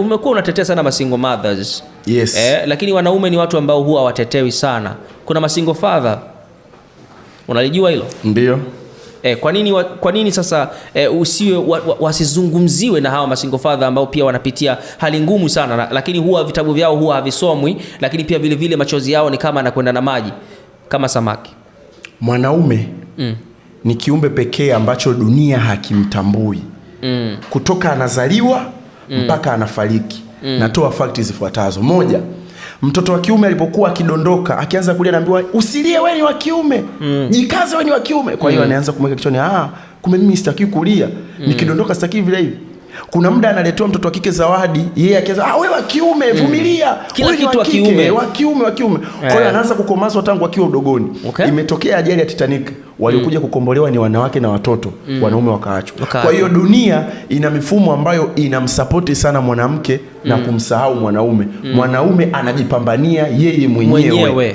Umekuwa unatetea sana masingo mothers yes. Eh, lakini wanaume ni watu ambao huwa watetewi sana. Kuna masingo father, unalijua hilo? Ndio. Eh, kwa nini kwa nini sasa eh, usiwe wa, wa, wasizungumziwe na hawa masingo father ambao pia wanapitia hali ngumu sana na, lakini huwa vitabu vyao huwa havisomwi, lakini pia vile vile machozi yao ni kama anakwenda na maji kama samaki. Mwanaume mm. ni kiumbe pekee ambacho dunia hakimtambui mm. kutoka anazaliwa Mm. mpaka mm. anafariki mm. natoa fakti zifuatazo. Moja, mtoto wa kiume alipokuwa akidondoka akianza kulia naambiwa usilie, we ni wa kiume mm. jikaze, ni wa kiume. Kwa hiyo mm. anaanza kumweka kichwani, ah, kumbe mimi sitaki kulia mm. nikidondoka sitaki vile hivi kuna muda analetewa mtoto wa kike zawadi, yeye akianza ah, wewe wa kiume mm. vumilia, kila kitu wa kiume, wa kiume, wa kiume. Kwa hiyo eh. anaanza kukomazwa tangu akiwa udogoni. Okay. Imetokea ajali ya Titanic, waliokuja mm. kukombolewa ni wanawake na watoto mm. wanaume wakaachwa. Okay. Kwa hiyo dunia ina mifumo ambayo inamsapoti sana mwanamke mm. na kumsahau mwanaume mm. mwanaume anajipambania yeye mwenyewe, mwenyewe.